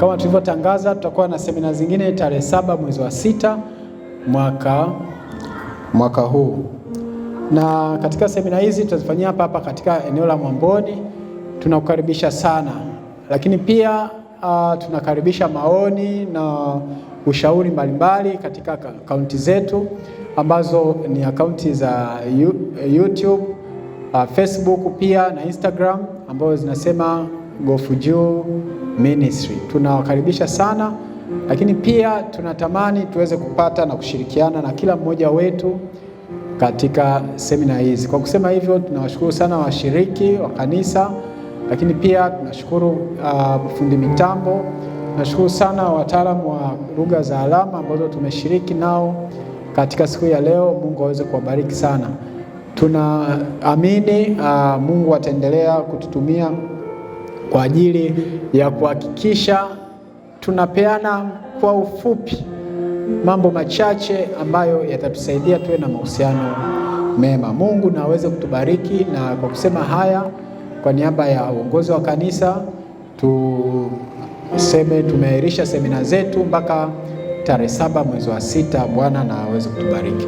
Kama tulivyotangaza, tutakuwa na semina zingine tarehe saba mwezi wa sita mwaka, mwaka huu, na katika semina hizi tutazifanyia hapa hapa katika eneo la Mwamboni. Tunakukaribisha sana, lakini pia uh, tunakaribisha maoni na ushauri mbalimbali katika akaunti zetu ambazo ni akaunti za YouTube, ah, Facebook pia na Instagram ambazo zinasema Gofu Juu ministry. Tunawakaribisha sana, lakini pia tunatamani tuweze kupata na kushirikiana na kila mmoja wetu katika semina hizi. Kwa kusema hivyo, tunawashukuru sana washiriki wa kanisa, lakini pia tunashukuru uh, mitambo. Tunashukuru sana wataalamu wa lugha za alama ambazo tumeshiriki nao katika siku ya leo. Mungu aweze kuwabariki sana. Tunaamini uh, Mungu ataendelea kututumia kwa ajili ya kuhakikisha tunapeana kwa ufupi mambo machache ambayo yatatusaidia tuwe na mahusiano mema. Mungu na aweze kutubariki. Na kwa kusema haya, kwa niaba ya uongozi wa kanisa tuseme tumeahirisha semina zetu mpaka tarehe saba mwezi wa sita. Bwana na aweze kutubariki.